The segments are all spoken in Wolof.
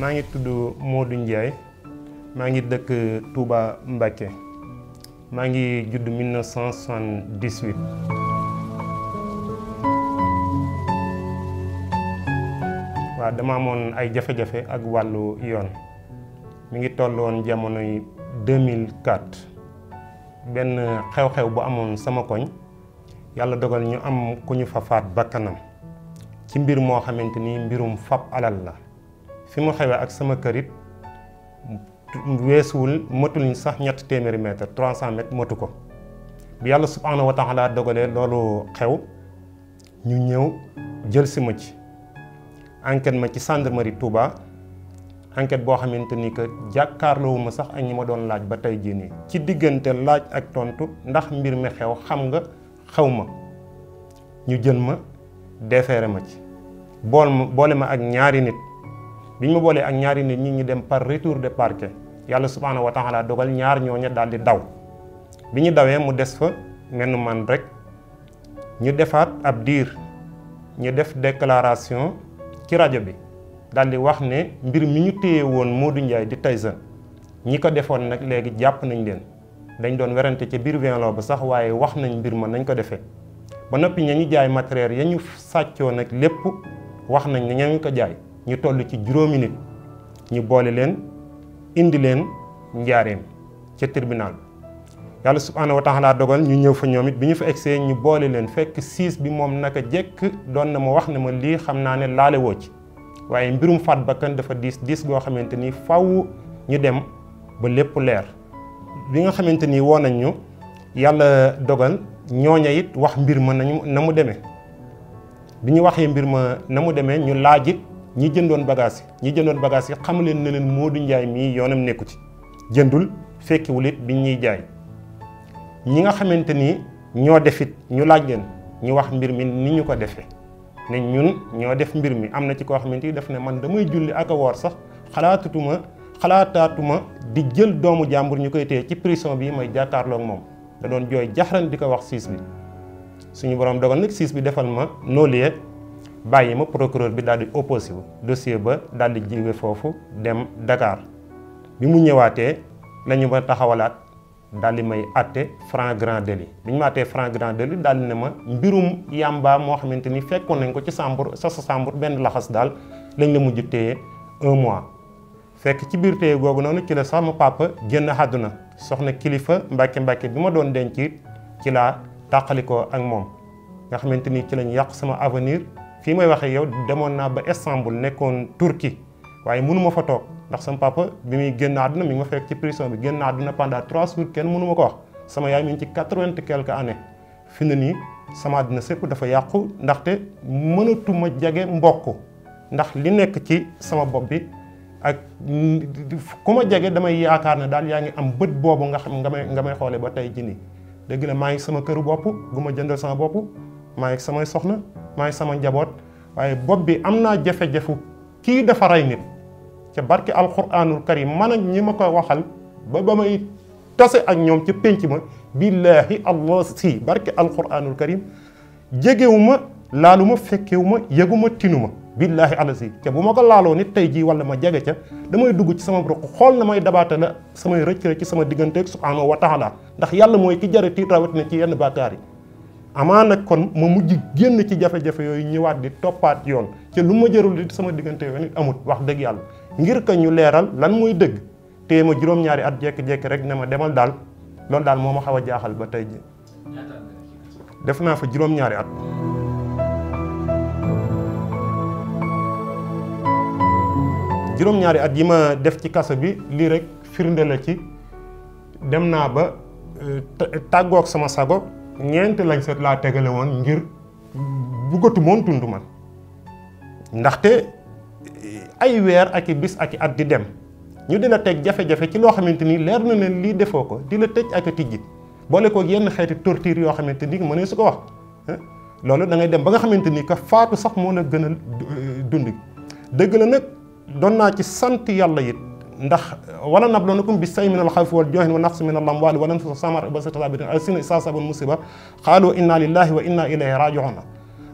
maa ngi tudd Modou Ndiaye maa ngi dëkk Touba Mbacké maa ngi judd 1978. waaw dama amoon ay jafe-jafe ak wàllu yoon mu ngi tolloon jamonoy 2004 benn xew-xew bu amoon sama koñ yàlla dogal ñu am ku ñu fa faat bakkanam ci mbir moo xamante ni mbirum fab alal la. fi mu xewee ak sama kërit weesuwul motul sax ñett téeméeri mètre trois cent mètres motu ko bu yàlla subhaanahu wa laa dogalee loolu xew ñu ñëw jël si ma ci enquête ma ci gendarmerie Touba enquête boo xamante ni que jàkkaarloowu ma sax ak ñi ma doon laaj ba tey jii nii ci diggante laaj ak tontu ndax mbir mi xew xam nga xaw ma ñu jël ma déféré ma ci bool ma boole ma ak ñaari nit biñ ma boolee ak ñaari nit ñi ñu dem par retour de parquet yàlla subhaanahu wa taala dogal ñaar ñooña daal di daw bi ñu dawee mu des fa menn man rek ñu defaat ab diir ñu def declaration ci rajo bi daal di wax ne mbir mi ñu téye woon moo du Ndiaye di Tyson ñi ko defoon nag léegi jàpp nañ leen dañ doon werante ca biir violon ba sax waaye wax nañ mbir ma nañ ko defee ba noppi ña ñu jaay matériel ya ñu sàccoo nag lépp wax nañ ne ña ñu ko jaay ñu toll ci juróomi nit ñu boole leen indi leen njaareem ca tribunal yàlla subhaana wa taala dogal ñu ñëw fa ñoom it bi ñu fa egsee ñu boole leen fekk siis bi moom naka jekk doon na ma wax ne ma lii xam naa ne laale woo ci waaye mbirum faat bakkan dafa diis diis goo xamante ni faw ñu dem ba lépp leer bi nga xamante ni woo nañ ñu yàlla dogal ñooña it wax mbir ma nañu na mu demee bi ñu waxee mbir ma na mu demee ñu laaj it ñi jëndoon bagage ñi jëndoon bagage yi xam leen ne leen Modou Ndiaye mi yoonam nekku ci jëndul fekki wulit bi ñi jaay ñi nga xamanteni ni ñoo defit ñu laaj leen ñu wax mbir mi ni ñu ko defé ne ñun ñoo def mbir mi amna ci ko xamanteni def daf ne man damay julli ak a sax xalaatatuma xalaataatuma di jël doomu jambour ñukoy ci prison bi may ak mom da doon joy jaxran diko wax bi suñu borom dogal nak bi defal ma nolé bàyyi le procureur bi daal di opposé dossier ba dem Dakar bi mu ñëwaatee lañu ma taxawalaat daal di franc grand délit bi ñu ma franc grand le daal di ne ma mbirum yàmbaa moo xamante ni nañ ko ci Sambour sa benn lañ la mujj téye un mois fekk ci biir téye googu noonu ci la sama papa génn àdduna soxna kilifa mbàkke mbàkke bi ma doon ci laa tàqalikoo ak moom nga fii may waxee yow demoon naa ba Istanbul nekkoon Turquie waaye mënuma fa toog ndax sama papa bi muy génn àdduna mi ngi ma fekk ci prison bi génn àdduna pendant trois jours kenn mënuma ko wax sama yaay mi ngi ci quatre-vingt quelques années fi na nii sama àdduna sépp dafa yàqu ndaxte mënatuma jege mbokk ndax li nekk ci sama bopp bi ak ku ma jege damay yaakaar ne daal yaa ngi am bët boobu nga xam nga may nga may xoolee ba tey jii nii dëgg la maa ngi sama këru bopp gu ma jëndal sama bopp maa ngi samay soxna maay sama njaboot waaye bopp bi am naa jafe-jafu kii dafa rey nit ca barki alquranul karim man ak ñi ma koy waxal ba ba may tase ak ñoom ci pénc ma billahi allah si barki alquranul karim jegewu laaluma fekkewuma yëguma tinuma billahi allah si ca bu ma ko laaloo nit tey jii wala ma jege ca damay dugg ci sama ruq xool na may dabaata la samay rëcc ci sama digganteeg subhanahu wa taala ndax yàlla mooy ki jare tiit rawat na ci yenn bàkkaar yi amana kon mo mujj genn ci jafe-jafe yooyu ñëwaat di topat yoon ci lu ma jërul di sama digënté yoon nit amut wax dëgg yalla ngir ka ñu léral lan moy dëgg téye juroom ñaari at rek néma demal dal dal dal moo ma jaaxal ba tay ji def na fa juroom ñaari at juroom ñaari at yi ma def ci kaso bi li rek firnde ci dem ba euh, tagok sama sago ñeent lañ set laa tegale woon ngir buggatu moom man ndaxte ay weer ak i bis ak i at di dem ñu dina teg jafe-jafe ci loo xamante ni leer na leen lii defoo ko di la tëj ak a tijji boole ko yenn xeeti torture yoo xamante ni mënee su ko wax loolu da ngay dem ba nga xamante ni que faatu sax moo la gën a euh, dund dëgg la nag doon naa ci sant yàlla it ndax wala nablunukum bisay min alxawfi waljooxin wa nafsi min alamwali wala nfus samar basatasabirin ay sina isasabun musiba qaalu inna lillahi wa inna ilayhi rajiuna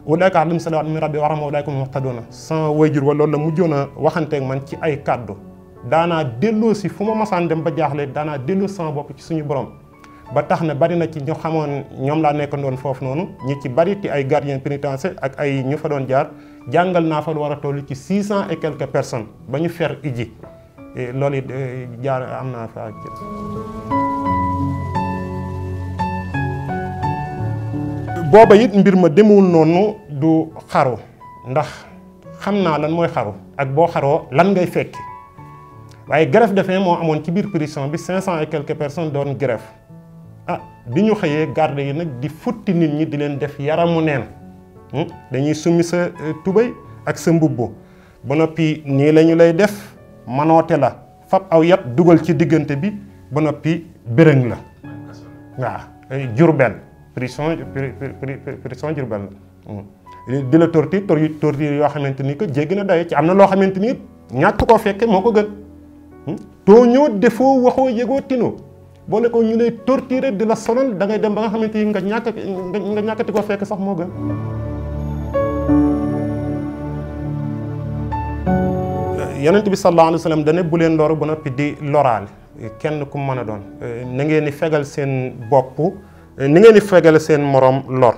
ulaika alim salawat min rabbi warahma ulaika hum muhtaduna sama wayjur wa loolu la mujjoon a waxanteeg man ci ay kàddu daanaa delloo si fu ma masaan dem ba jaaxle daanaa delloo sama bopp ci suñu borom ba tax na bari na ci ñu xamoon ñoom laa nekkandoon foofu noonu ñi ci bari ti ay gardien pénitentiaire ak ay ñu fa doon jaar jàngal naa fa lu war a toll ci six cent et quelques personnes ba ñu fer iji Eh, loolu it eh, jaar am naa fa booba it mbir ma demewul noonu du xaru ndax xam naa lan mooy xaru ak boo xaroo lan ngay fekki waaye grève de moo amoon ci biir prison bi cinq cent et quelques personnes doon grève ah bi ñu xëyee garde yi nag di futti nit ñi di leen def yaramu neen hmm? dañuy summi sa euh, tubéy ak sa mbubb ba noppi nii lañu lay def manote la fab aw yat dugal ci diggante bi ba nopi bërëng la waaw jurbel prison prison jurbel la hmm. eh, di la torti torti torti, yo xamanteni ko que day daye ci amna lo xamanteni xamante ko fekk moko fekke moo ko gën hmm. too ñëw defoo waxoo yëgoo ko ñu lay torturer di la sonal da ngay dem ba nga xamanteni nga ñak nga ñakati ko fekk sax mo yonent bi sallallahu alayhi wa sallam dane bu leen loru ba noppi di loraale kenn ku mën a doon na ngeen di fegal seen bopp ni ngeen di fegal seen moroom lor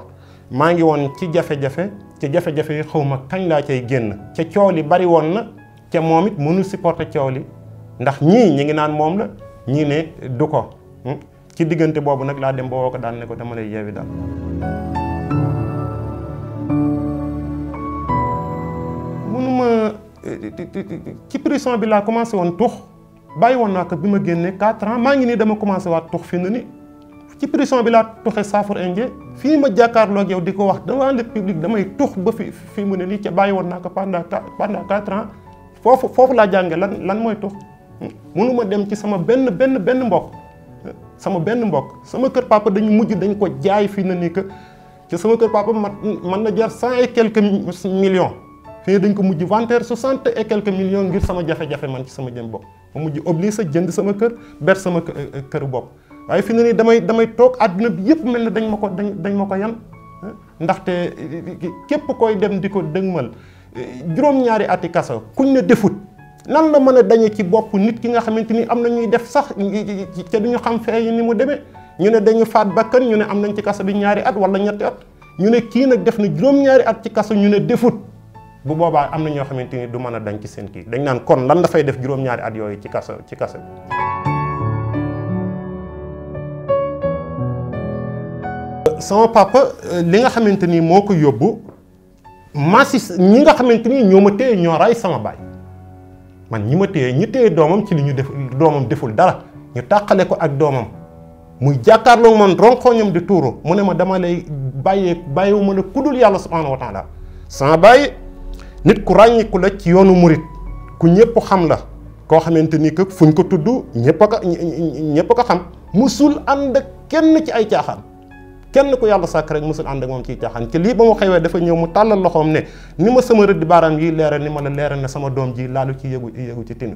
maa ngi woon ci jafe-jafe ci jafe-jafe yi xaw kañ laa cay génn ca coow li bari woon na ca moom it mënul supporter coow li ndax ñii ñi ngi naan moom la ñii ne du ko hmm? ci diggante boobu nag laa dem ba woo ko daan ne ko dama lay yi daal ci prison bi laa commencé woon tux bàyyi woon naa ko bi ma génnee quatre ans maa ngi nii dama commencé waat tux fi mu ni ci prison bi laa tuxee saafara indien fii ma jàkkaarloo ak yow di ko wax devant le public damay tux ba fi fi mu ne nii ca bàyyi woon naa ko pendant pendant quatre ans foofu foofu laa jànge lan lan mooy tux mënuma dem ci sama benn benn benn mbokk sama benn mbokk sama kër papa dañu mujj dañ ko jaay fii na ni que ci sama kër papa man na jar cent et quelques millions te dañ ko mujj vanter soixante et quelques millions ngir sama jafe-jafe man ci sama jëm bopp ma mujj obligé sa jënd sama kër ber sama kër bopp waaye fi ne nii damay damay toog àdduna bi yëpp mel ne dañ ma ko dañ dañ ma ko yan ndaxte képp koy dem di ko dëgmal juróom-ñaari ati kaso kuñ ne defut nan la mën a dañe ci bopp nit ki nga xamante ni am na ñuy def sax ca duñu xam fee ni mu demee ñu ne dañu faat bakkan ñu ne am nañ ci kaso bi ñaari at wala ñetti at ñu ne kii nag def na juróom at ci kaso ñu ne defut bu boobaa am na ñoo xamante ni du mën a dañ ci seen kii dañ naan kon lan dafay def juróom-ñaari at yooyu ci kaso ci kaso bi sama papa euh, li nga xamante ni moo ko yóbbu masis ñi nga xamante ni ñoo ma téye ñoo ray sama baay man ñi ma téye ñi téye doomam ci li ñu def doomam deful dara ñu tàqale ko ak doomam muy jàkkaarloo man ronkooñam di tuuru mu ne ma dama lay bàyyee ma la ku dul yàlla subhanahu wa sama baay nit ku ràññiku la ci yoonu murit ku ñëpp xam la koo xamante ni que fuñ ko tudd ñëpp a ko ñëpp a ko xam musul ànd ak kenn ci ay caaxaan kenn ku yàlla sàkk rek musul ànd ak moom ciy caaxaan ci lii ba mu xewee dafa ñëw mu tàllal loxoom ne ni ma sama rëdd baaraam yi leeral ni ma la leeral ne sama doom ji laalu ci yëgu yëgu ci tinu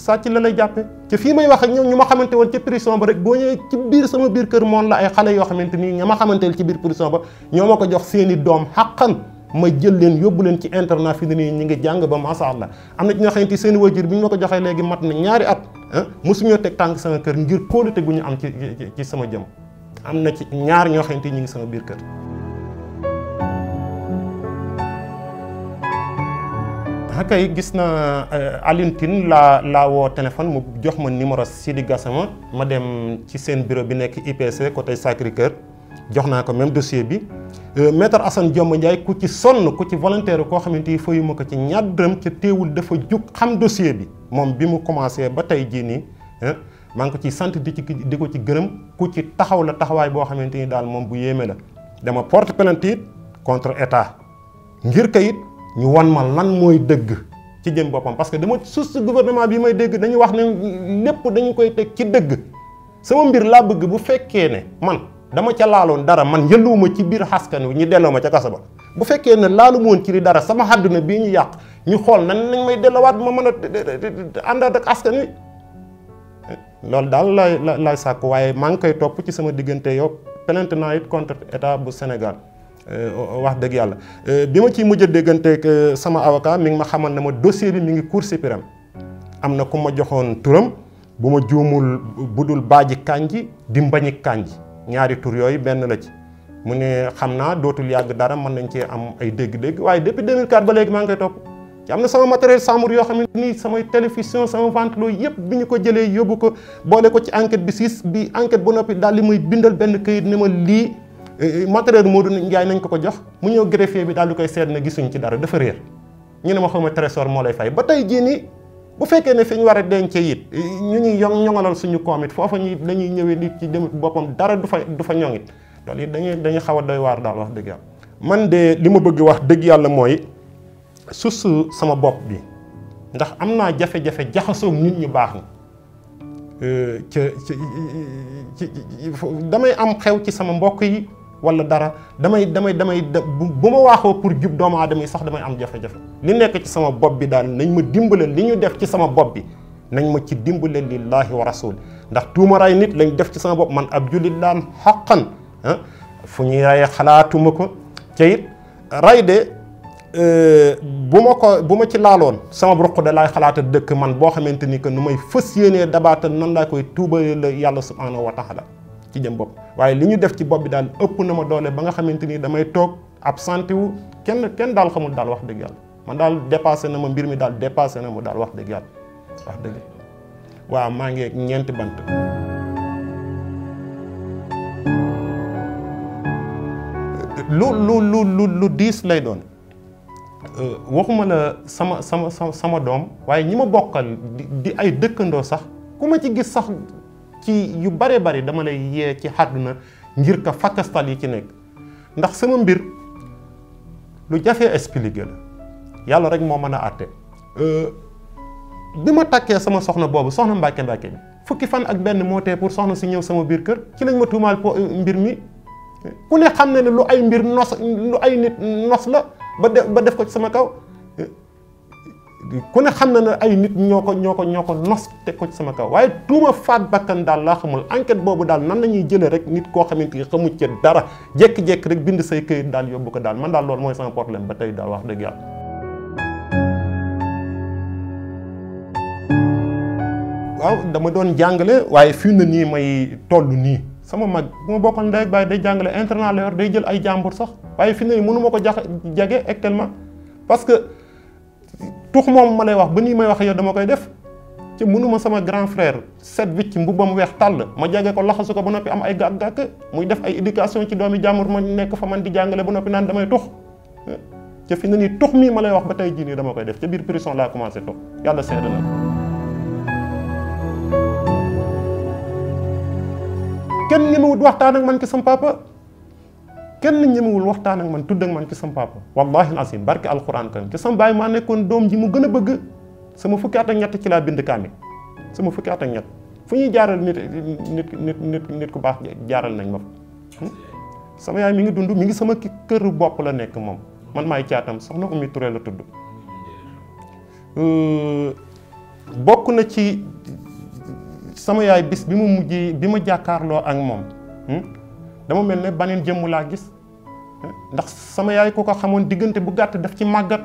sàcc la lay jàppe ci fii may wax ak ñoom ñu ma xamante woon ca prison ba rek boo ñëwee ci biir sama biir kër moon la ay xale yoo xamante nii ña ma xamanteel ci biir prison ba ñoo ma ko jox seeni doom xàqan ma jël leen yóbbu leen ci internat fi nii ñu ngi jàng ba macha allah am na ci ñoo xamante seen wajur bi ñu ma ko joxee léegi mat na ñaari at ah, mosuñoo teg tànk sama kër ngir kóolute gu ñu am ci ci sama jëm am na ci ñaar ñoo xamante ñu ngi sama biir kër kay gis na euh, Alioune laa laa woo téléphone mu jox ma numéro Sidi Gassama ma dem ci seen bureau bi nekk IPC côté Sacré-Cœur jox naa ko même dossier bi euh, maître Assane Diomba Ndiaye ku ci sonn ku ci volontaire koo xamante ni fayu ma ko ci ñaar dërëm ca teewul dafa jug xam dossier bi moom bi mu commencé ba tey jii nii maa ngi ko ci sant di ci di ko ci gërëm ku ci taxaw la taxawaay boo xamante ni daal moom bu yéeme la dama porte plainte contre état ngir kayit ñu wan ma lan mooy dëgg ci jën boppam parce que dama sus gouvernement bi may dégg dañu wax ne lépp dañu koy teg ci dëgg sama mbir laa bëgg bu fekkee ne man dama ca laaloon dara man yëlluwuma ci biir xaskan wi ñu delloo ma ca kaso ba bu fekkee ne laalu woon ci li dara sama àdduna bii ñu yàq ñu xool nan nañ may dellowaat ma mën a àndaat ak askan wi loolu daal lay lay sàkk waaye maa ngi koy topp ci sama diggante yow plainte naa it contre état bu Sénégal Euh, wax dëgg yàlla euh, bi ma ciy mujj déggante euh, sama avocat mi ngi ma xamal na ma dossier bi mi ngi cour suprême am na ku ma joxoon turam bu ma juumul budul baaji kànji di mbañi kànji ñaari tur yooyu benn la ci mu ne xam naa dootul yàgg dara mën nañ cee am ay dégg-dégg waaye depuis 2004 ba léegi maa ngi koy topp ci am na sama matériel chambre yoo xamante ni samay télévision sama ventilo yëpp bi ñu ko jëlee yóbbu ko boole ko ci enquête bi siis bi enquête bu noppi daal li muy bindal benn këyit ne ma lii matériel moo Modou Ndiaye nañ ko ko jox mu ñëw greffier bi daal di koy seet na gisuñ ci dara dafa réer ñu ne ma xawma trésor moo lay fay ba tey jii nii bu fekkee ne fi war a dence it ñu ñuy yong ñoŋalal suñu koom it foofa ñuy dañuy ñëwee nit ci dem boppam dara du fa fa ñoŋ it loolu it dañuy dañuy xaw a doy waar daal wax dëgg yàlla. man de li ma bëgg wax dëgg yàlla mooy suuf su sama bopp bi ndax am naa jafe-jafe jaxasoom nit ñu baax na ca damay am xew ci sama mbokk yi. wala dara damay damay damay bu ma waaxoo pour jub doomu aadama yi sax damay am jafe-jafe li nekk ci sama bopp bi daal nañ ma dimbale li ñu def ci sama bopp bi nañ ma ci dimbale lillahi wa rasul ndax tuuma ray nit lañ def ci sama bopp man ab jullit laan xaqan ah fu ñuy raye xalaatuma ko te it ray de euh, bu ma ko bu ma ci laaloon sama ruq da laay xalaata dëkk man boo xamante ni que nu may fës yéenee dabaatal nan laa koy tuubale la yàlla subhanahu wa taala ci jëm bopp waaye li ñu def ci bopp bi daal ëpp na ma doole ba nga xamante ni damay toog ab wu kenn kenn daal xamul daal wax dëgg yàlla man daal dépassé na ma mbir mi daal dépassé na ma daal wax dëgg yàlla wax dëgg waaw maa ngi ñeenti bant. lu lu lu lu diis lay doon euh, waxuma la sama sama sama doom waaye ñi ma bokkal di ay dëkkandoo sax ku ma ci gis sax. ci yu bare bari dama lay yee ci àdduna ngir ka fakkastal yi ci nekk ndax sama mbir lu jafee expliqué la yàlla rek moo mën a àtte euh, bi ma takkee sama soxna boobu soxna mbàkke mbàkke bi fukki fan ak benn moo tee pour soxna si ñëw sama biir kër ci lañ ma tuumaal mbir mi ku ne xam ne ne lu ay mbir nos lu ay nit nos la ba def def ko ci sama kaw ku ne xam na ay nit ñoo ko ñoo ko ñoo ko nos te ko ci sama kaw waaye tuuma faat bakkan daal laa xamul enquête boobu daal nan lañuy ñuy rek nit koo xamante ni xamu ci dara jekki-jekki rek bind say këyit daal yóbbu ko daal man daal loolu mooy sama problème ba tey daal wax dëgg yàlla waaw dama doon jàngale waaye fi na nii may toll nii sama mag bu ma bokkal ndey ak day jàngale internat la day jël ay jàmbur sax waaye fi na nii mënu ma ko jax jage actuellement parce que tux moom ma lay wax ba nii may wax yow dama koy def ci mënuma sama grand frère set wicc mbubbam weex tàll ma jage ko laxasu ko ba noppi am ay gàkk-gàkk muy def ay éducation ci doomi jàmbur ma nekk fa man di jàngale ba noppi naan damay tux ca fi ne nii tux mii ma lay wax ba tey jii nii dama koy def ca biir prison laa commencé tux yàlla seede na ko kenn ñi ma wut waxtaan ak man ki sama kenn ñemewul waxtaan ak man tudd ak man ci sama papa wallahi alazim barke alquran karim ci sama baay maa nekkoon doom ji mu gën a bëgg sama fukki at ak ñett ci laa bind kaamil sama fukki at ñett fu ñuy jaaral nit nit nit nit ku baax jaaral nañ ma fa hmm? sama yaay mi ngi dund mi ngi sama këru bopp la nekk moom man maay caatam soxna Oumy ture la tudd hmm. euh, bokk na ci sama yaay bis bi mu mujj bi ma jàkkaarloo ak moom hmm? dama mel ne baneen jëmm laa gis ndax sama yaay ko ko xamoon diggante bu gàtt daf ci màggat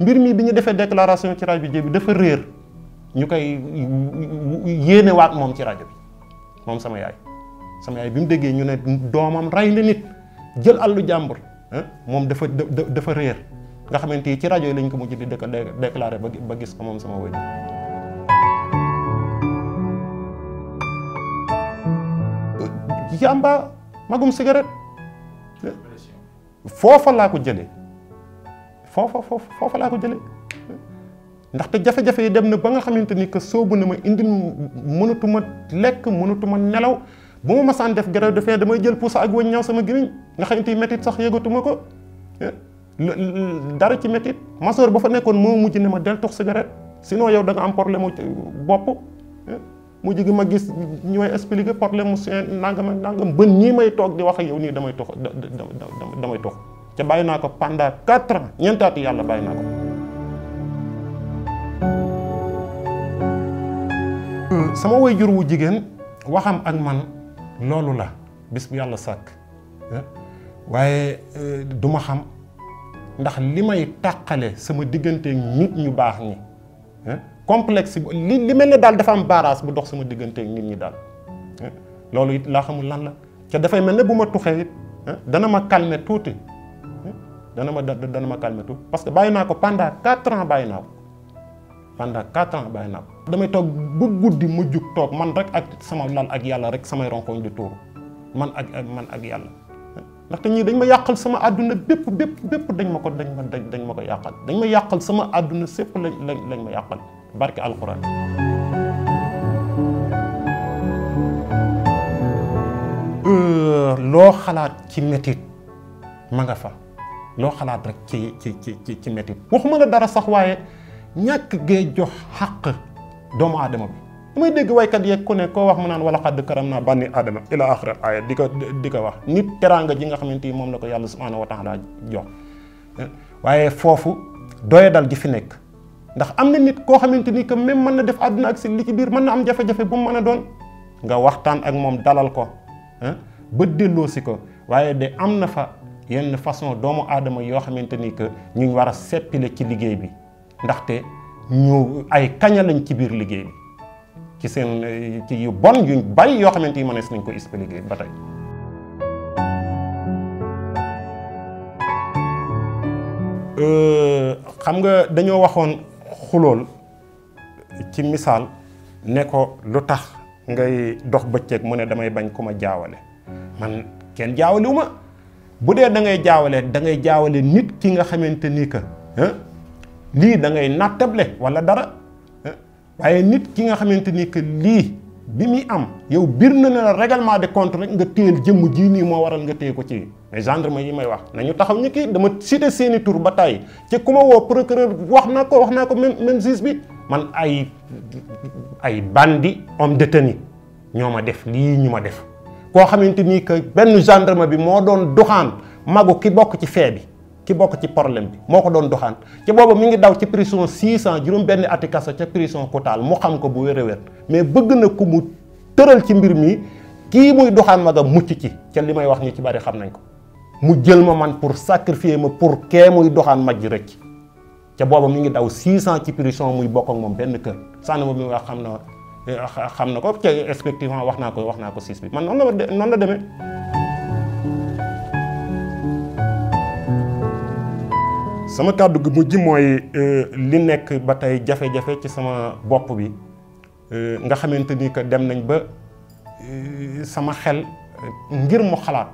mbir mi bi ñu defee déclaration ci rajo bi dafa réer ñu koy waat moom ci rajo bi moom sama yaay sama yaay bi mu déggee ñu ne doomam rey la nit jël allu jàmbur moom dafa dafa réer nga xamante ci rajo lañ ko mujj di dëkk déclaré ba gis ko moom sama wéy jamba magum cigarette foofa laa ko jële foofa foofa foofa laa ko jëlee ndaxte jafe-jafe yi dem na ba nga xamante ni que soobu na ma indi indil mënatuma lekk mënatuma nelaw bu ma masaan def grève de damay jël pusa ak wëñ ñaw sama gémmiñ nga xamante ni métit sax yëgatuma ko dara ci métit masoor ba fa nekkoon moo mujj ne ma del tox cigarette sinon yow da nga am problème bopp mu jigi ma gis ñoy expliquer problème su nangam ak nangam ba nii may tok di wax ak yow ni damay tok damay tok te bayina ko panda 4 ans ñeentaati yàlla bàyyi naa ko sama way jur wu jigen waxam ak man lolu la bis bu yalla sak waye euh, duma xam ndax limay takale sama digeunte nit ñu bax ni complexe li li melni dal dafa am barrage bu dox sama digeunte nit ñi dal eh, lolu it xamul lan la ca da fay melni buma ma it eh, dana ma calmer tuuti eh, dana ma dana ma calmer tout parce que bayina ko pendant 4 ans bayina ko pendant 4 ans bayina ko. damay tok bu guddi mu tok toog man rek ak sama lan ak yalla rek sama ronkoñ di tour man ak man ak yàlla ndaxte ñi dañ ma yakal sama aduna bepp bepp bepp dañ ma ko dañ ma dañ ma ko yakal dañ ma yakal sama aduna sepp lañ lañ ma yakal barke alquran euh, loo xalaat ci métit ma nga fa loo xalaat rek ci ci ci ci métit waxuma la dara sax waaye ñàkk gee jox xàq doomu aadama bi damay dégg waykat yeeg ku ne koo wax mu naan wala xadd karam naa bànni aadama ila axira aya di ko di ko wax nit teraanga ji nga xamante ni moom la ko yàlla subhanahu wa taala jox eh, waaye foofu doye dal ji fi nekk ndax amna nit ko xamanteni ke même man na def aduna ak sin li ci bir man na am jafé jafé bu mu mën don doon nga waxtaan ak mom dalal ko ba delo ci ko waye de amna fa yenn façon doomu adama yo xamanteni ke ñu wara war ci liggéey bi ndaxte ñu ay kaña lañ ci bir liggéey bi ci sen ci yu bon yu bay yo xamanteni ni nañ ko expliquer batay tey euh, xam nga dañoo xulool ci misaal ne ko lu tax ngay dox bëccëg mu ne damay bañ ku ma jaawale man kenn jaawalewu ma bu dee da ngay jaawale da ngay jaawale nit ki nga xamante ni que lii da ngay nattable wala dara waaye nit ki nga xamante ni que lii bi muy am yow bir na ne la règlement de compte rek nga téyel jëmm jii nii moo waral nga téye ko ci mais gendarme yi may wax na nañu taxaw ñu kii dama cité seeni tur ba tey ci ku ma woo procureur wax na ko wax naa ko même même juge bi man ay ay bandi homme de tenue ñoo ma def lii ñu ma def koo xamante nii que benn gendarme bi moo doon doxaan magu ki bokk ci fee bi ki bokk ci problème bi moo ko doon doxaan ci boobu mi ngi daw ci prison 600 juróom benn ati kaso ca prison Koutal mu xam ko bu wér a wér mais bëgg na ku mu tëral ci mbir mi kii muy doxaan ma nga mucc ci ca li may wax ñu ci bari xam nañ ko mu jël ma man pour sacrifier ma pour kee muy doxaan maj rëcc ca booba mi ngi daw 600 ci prison muy bokk ak moom benn kër sànni moom mi wax xam na eh, xam na ko ca respectivement wax naa ko wax naa ko siis bi man noonu la noonu la demee sama kàddu gi mujj mooy euh, li nekk ba tey jafe-jafe ci sama bopp bi euh, nga xamante ni que dem nañ ba euh, sama xel ngir mu xalaat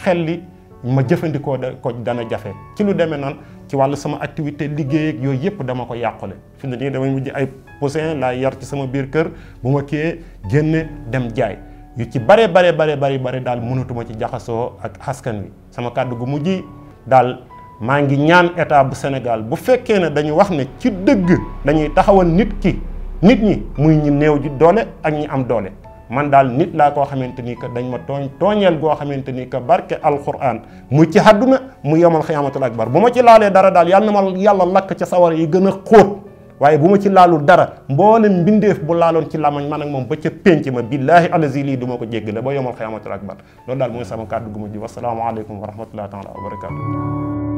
xel li ma jëfandikoo da ko dana jafe ci lu demee noonu ci wàll sama activité liggéey yooyu yëpp dama ko yàqule fi mu ne nii damay mujj ay poussin laa yar ci sama biir kër bu ma kiyee génne dem jaay yu ci bare bare bare bare bare daal mënatuma ci jaxasoo ak askan wi sama kàddu gu mujj daal maa ngi ñaan état bu Sénégal bu fekkee ne dañu wax ne ci dëgg dañuy taxawal nit ki nit ñi muy ñi néew ji doole ak ñi am doole man daal nit laa koo xamante ni que dañ ma tooñ tooñeel goo xamante ni que barke alquran mu ci àdduna mu yomal xiyaamatul akbar bu ma ci laalee dara daal yàlla na ma yàlla lakk ca sawar yi gën a xóot waaye bu ma ci laalu dara mboolem mbindeef bu laaloon ci lamañ man ak moom ba ca pénc ma billaahi alazi lii du ma ko jéggale ba yomal xiyaamatul akbar loolu daal mooy sama kàddu gu mujj wasalaamualeykum wa rahmatullahi taala wa barakatu